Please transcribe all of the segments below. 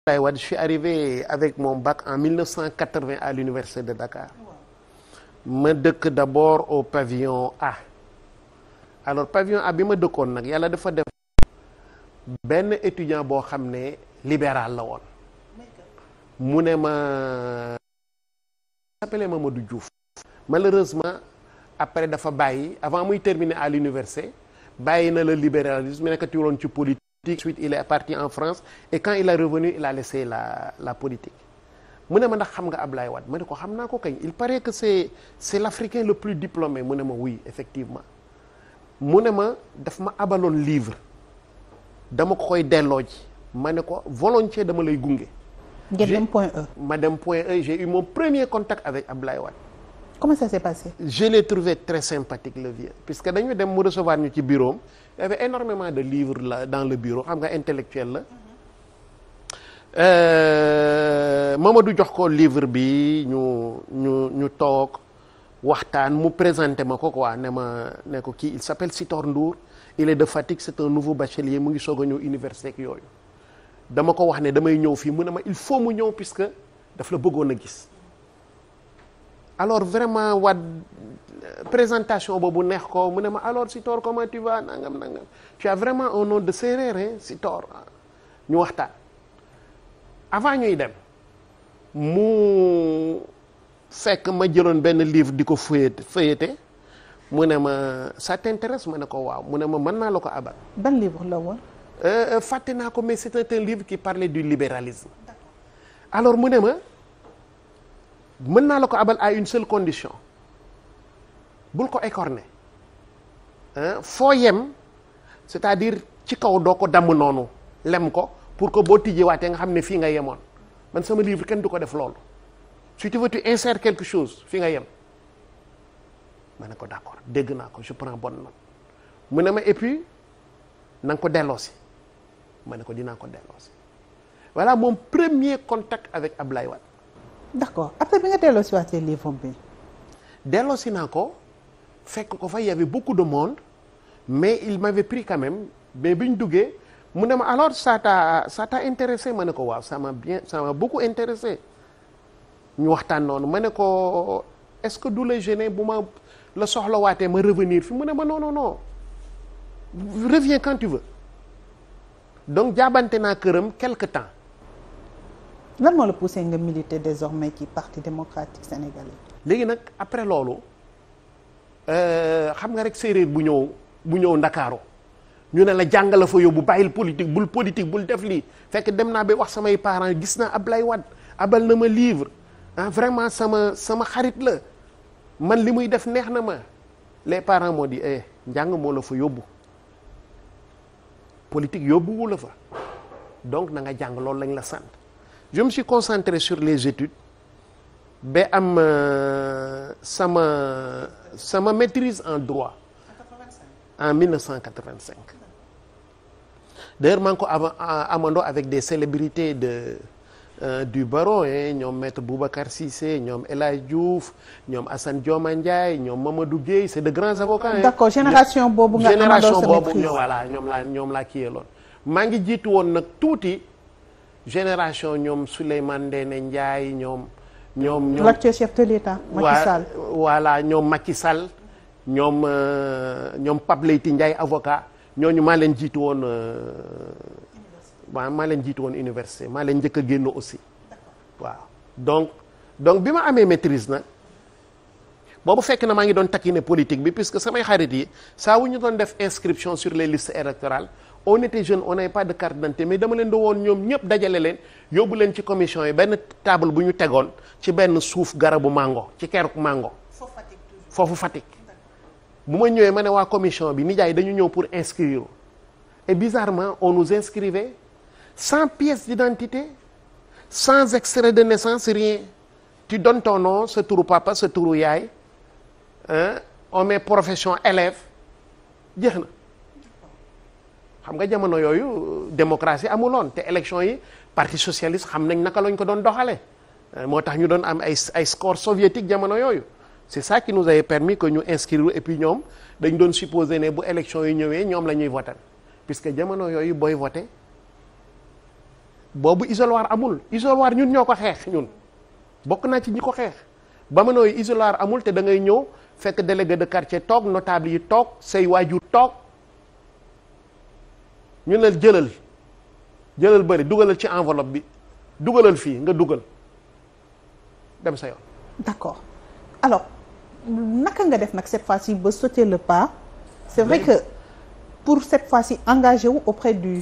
Abdoulaye Wade je suis arrivé avec mon back en 1980 à l'université de Dakar ma dëkk d'abord au pavillon A alors pavillon A bi ma dëkkoon nag yàlla dafa def benn étudiant boo xam ne libéral la woon mu ne ma ma s'appelait Mamadou Diouf malheureusement après dafa bàyyi avant muy terminer à l'université bàyyi na la libéralisme nekkati woon ci politique ensuite il est parti en France et quand il est revenu il a laissé la la politique mu ne ma ndax xam nga Ablaye Wade ma ne ko xam naa ko kañ il paraît que c'est c'est l'Africain le plus diplômé mu ne ma wuy effectivement mu ne ma daf ma abaloon livre dama ko koy delloo ji ma ne ko volontiers dama lay gunge. ngeen point e. ma dem point E j'ai eu mon premier contact avec Ablaye Wade. comment ça s'est passé je l'ai trouvé très sympathique le vieux puisque dañu dem mu recevoir ñu ci bureau am il de livres là dans le bureau xam nga intellectuel la euh, Mamadou jox ko livre bi ñu ñu ñu toog waxtaan mu présenter ma ko ko quoi ne ma ne ko kii il s'appelle Sitor Ndour il est de Fatick c'est un nouveau bachelier mu ngi soog a ñëw université ak yooyu dama ko wax ne damay ñëw fii mu ne ma il faut mu ñëw puisque daf la bëggoon a gis alors vraiment Wade euh, présentation boobu neex ko mu ne ma alors Sitor comment tu vas nangam nangam tu vraiment un nom de séeréer si Sitor ñu waxtaan avant ñuy dem mu fekk ma jëloon benn livre di ko feuilleté feuilleté mu ne ma ça t'intéresse ma ne ko waaw mu ne ma mën naa la ko abal. ban livre la woon. Euh, euh, fàtte naa ko mais c'était un livre qui parlait du libéralisme. alors mu ne ma. mën naa la ko abal à une seule condition bul ko écorner foo yem c'est-à-dire ci kaw doo ko damm noonu lem ko pour que boo tijjewaatee nga xam ne fii nga yemoon man sama livre kenn du ko def loolu si tu veux tu insères quelque chose fii nga yem ma ne ko d'accord dégg naa ko je prends bonne note mu ne ma et puis na nga ko delloosi ma ne ko dinaa ko delloosi voilà mon premier contact avec Ablaye Wade d'accord après bi nga delloo si waatee livre bi. delloo si naa ko fekk ko fa y avait beaucoup de monde mais il m'avait pris quand même mais bi ñu duggee mu ne ma alors ça t'a ça intéressé ma ne ko waaw ça m'a bien ça m'a beaucoup intéressé ñu waxtaan noonu ma ne ko est-ce que du la gêner bu ma la soxlawaatee ma revenir fi mu ne ma non non non reviens donc jaabante naa këram quelque temps. lan moo la poussé nga militer désormais ci parti démocratique sénégalais. léegi nag après loolu euh, xam nga rek séeréer bu ñëw bu ñëw ndakaaru ñu ne la jàngala fa yóbbu bàyyil politique bul politique bul def lii fekk dem naa bi wax samay parent gis naa lay Wade abal na ma livre ah vraiment sama sama xarit la man li muy def neex na ma les parents moo di eh jàng moo la fa yóbbu politique yóbbuwu la fa donc na nga jàng loolu lañ la sant. je me suis concentré sur les études ba am euh, sama sama maîtrise en droit en 1985 d'ailleurs maa ngi ko amando avec des célébrités de euh, du barreau ñoom maître Boubacar Cissé ñoom El Hadj ñoom Assane Dioma Ndiaye ñoom Mamadou Guèye c'est de grands avocats. Hein. d'accord génération boobu nga amandoo sa maîtrise boobu ñoom voilà ñoom laa ñoom laa kiiyee maa ngi jiitu woon nag tuuti. génération ñoom Souleymane Ndéné Ndiaye ñoom. ñoom ñoom l'actuel chef de l'État. Macky Sall voilà ñoom Macky Sall ñoom euh, ñoom Pape Leyti Ndiaye avocat ñooñu maa leen jiitu woon euh, waaw maa leen jiitu woon université maa leen njëkk a aussi waaw donc donc bi ma amee maîtrise na boobu fekk na maa ngi doon taquiner politique bi puisque samay xarit yi saa wu ñu doon def inscription sur les listes électorales on était jeune on n'avait pas de carte d'identité mais dama leen da woon ñoom ñëpp dajale leen yóbbu leen ci commission yi benn table bu ñu tegoon ci benn suuf garabu mango ci keruk mango foofu Fatick bu ma ñëwee ma ne waa commission bi nijaay dañu ñëw pour inscrire et bizarrement on nous inscrivait sans pièce d'identité sans extrait de naissance rien tu donnes ton nom sa turu papa sa turu yaay on met profession élève jeex na xam nga jamono yooyu démocratie amuloon te élection yi parti socialiste xam nañ naka lañ ko doon doxale euh, moo tax ñu doon am ay ay score soviétique jamono yooyu c'est ça qui nous avait permis ñu inscrire et ñoom dañ doon supposer ne bu élection yi ñëwee ñoom la ñuy voter puisque jamono yooyu booy voter boobu isoloir amul isoloir ñun ñoo ko xeex ñun bokk naa ci ñi ko xeex ba mënooyu isoloir amul te da ngay ñëw fekk délégué de quartier toog notable yi toog say waajur toog ñu ne jëlal jëlal bëri dugalal ci envolop bi dugalal fii nga dugal dem sa yoon. d'accord alors naka nga def nag cette fois si ba sauter le pas. c'est vrai que pour cette fois-ci engagé wu auprès du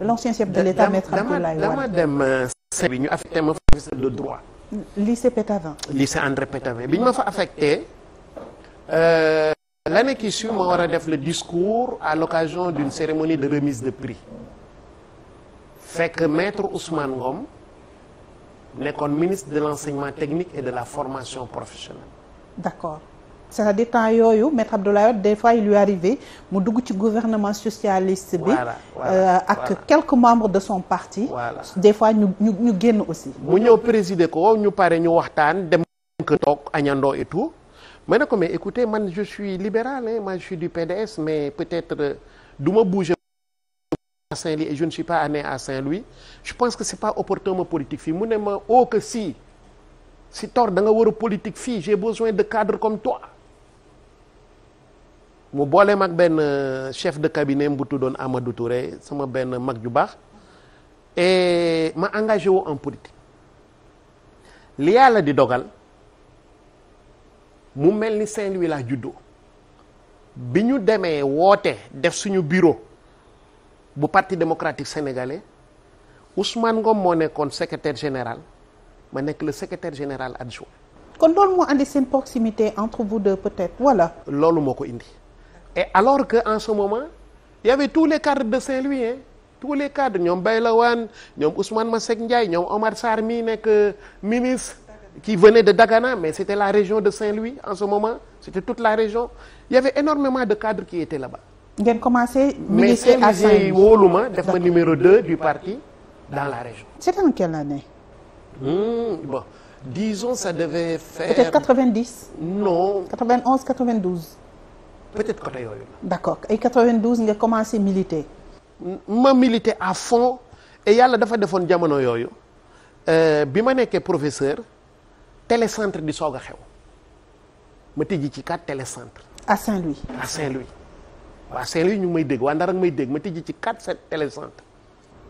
de l'ancien chef de l'État maître Abdoulaye Wade dama dem euh, seen bi ñu affecté ma professeur de droit. lycée Pétavin. lycée André Pétavin bi ñu ma fa affecté. Euh, l'année qui suit ma war a def le discours à l'occasion d'une cérémonie de remise de prix fekk maître Ousmane Ngom nekkoon ministre de l'enseignement technique et de la formation professionnelle. d'accord c'est-à-dire temps yooyu maître Abdoulaye Wade des fois il lui arrivé mu dugg ci gouvernement socialiste bi. Voilà, euh, ak voilà. quelques membres de son parti. des fois ñu génn aussi. mu ñëw présider ko ñu pare ñu waxtaan dem. toog añandoo et tout. ma ne ko mais écoutez man je suis libéral hein moi je suis du PDS mais peut-être euh, du ma bouger à Saint-Louis je à Saint-Louis je pense que c'est pas opportun ma politique fii mu ne ma oh que si si tor danga nga war a politique fii j'ai besoin de cadre comme toi mu boolee ak benn euh, chef de cabinet bu tuddoon Amadou Touré sama benn mag ju baax et ma engagé wu en politique li yàlla di dogal mu mel ni Saint-Louis laa juddoo bi ñu demee woote def suñu bureau bu parti démocratique sénégalais Ousmane Ngom moo nekkoon secretaire général ma nekk la secrétaire général adjoint. kon loolu moo indi seen proximité entre vous deux peut wala loolu moo ko indi et alors que en ce moment il y avait tous les cadres de Saint-Louis hein tous les cadres ñoom Bayla Wane ñoom ma Masseck Ndiaye ñoom Omar Sarr mii nekk euh, ministre. qui venaient de Dagana, mais c'était la région de Saint-Louis en ce moment, c'était toute la région. Il y avait énormément de cadres qui étaient là-bas. ngeen commencé. militer à Saint-Louis mais def ma numéro 2 du parti dans la région. c'était en quelle année. Mmh, bon disons ça devait faire. peut-être 90. non 91 92. peut-être côté yooyu la. d'accord ay 92 nga commencé militer. ma militer à fond et yàlla dafa defoon jamono yooyu euh, bi ma nekkee professeur. télécentre di soog a xew ma tijji ci quatre télécentre à Saint-Louis à Saint-Louis waa ñu ngi may dégg waa Ndar ak may dégg ma tijji ci quatre sept télécentre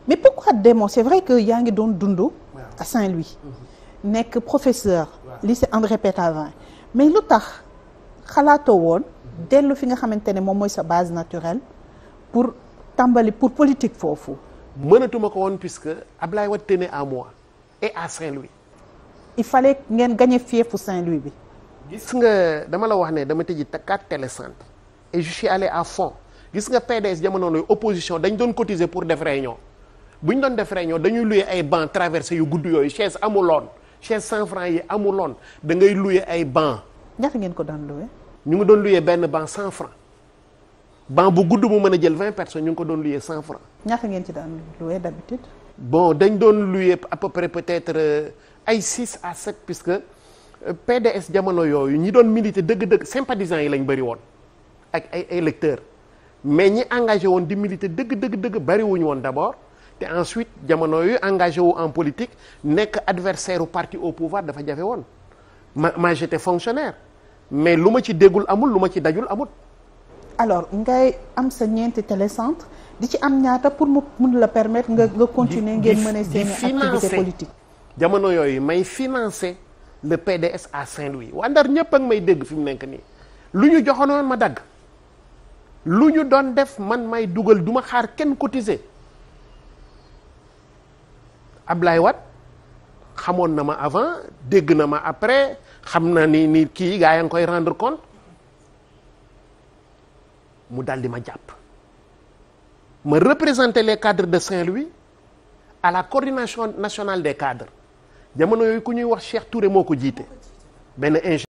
mais pourquoi Demba c'est vrai que yaa ngi doon dund. à Saint-Louis. Mhm. nekk professeur. lycée André Pétavin mais lu tax xalaatoo woon. dellu fi nga xamante ne moom mooy sa base naturelle pour tàmbali pour politique foofu. mënatuma ko woon puisque Ablaye Wade tenait à moi et à Saint-Louis. il fallait ngeen gagner fiefu Saint-Louis bi. gis nga dama la wax ne dama tëji quatre télécentres et je suis allé à fond gis nga PDS jamono yooyu opposition dañ doon cotiser pour def réunion bu ñu doon def réunion dañuy loué ay banc traversé yu gudd yooyu chaise loon chaise cent francs yi amuloon da ngay loué ay banc ñaata ngeen ko daan loué. ñu ngi doon loué benn banc cent francs banc bu gudd mu mën a jël vingt personnes ñu ngi ko doon loué cent francs ngeen ci daan loué d'habitude dañ doon loué à près peut-être euh, ay 6 à 7 puisque euh, PDS jamono yooyu ñi doon militer dëgg-dëgg sympathisants yi lañ bëri woon ak ay électeurs mais ñi engagé woon di militer dëgg dëgg dëgg bëri wuñu woon d'abord te ensuite jamono yooyu engagé wu en politique nekk adversaire u parti au pouvoir dafa jafe woon ma ma j'étais fonctionnaire mais lu ma ci déggul amul lu ma ci dajul amul. alors ngay am sa ñeenti télécentre di ci am ñaata pour mu mun la permettre nga nga continuer ngeen mën a seeni activité politique jamono yooyu may financer le PDS à Saint-Louis waa Ndar ñëpp ak may dégg fi mu nekk nii lu ñu joxonoon ma dagg lu ñu doon def man may dugal duma xaar kenn cotiser Ablaye wat xamoon na ma avant dégg na ma après xam na ni ni kii gaa yaa ngi koy rendre compte mu dal di ma jàpp ma représenter les cadre de Saint-Louis à la coordination nationale des cadres jamono yooyu ku ñuy wax Cheikh Touré moo ko jiite benn ingénieur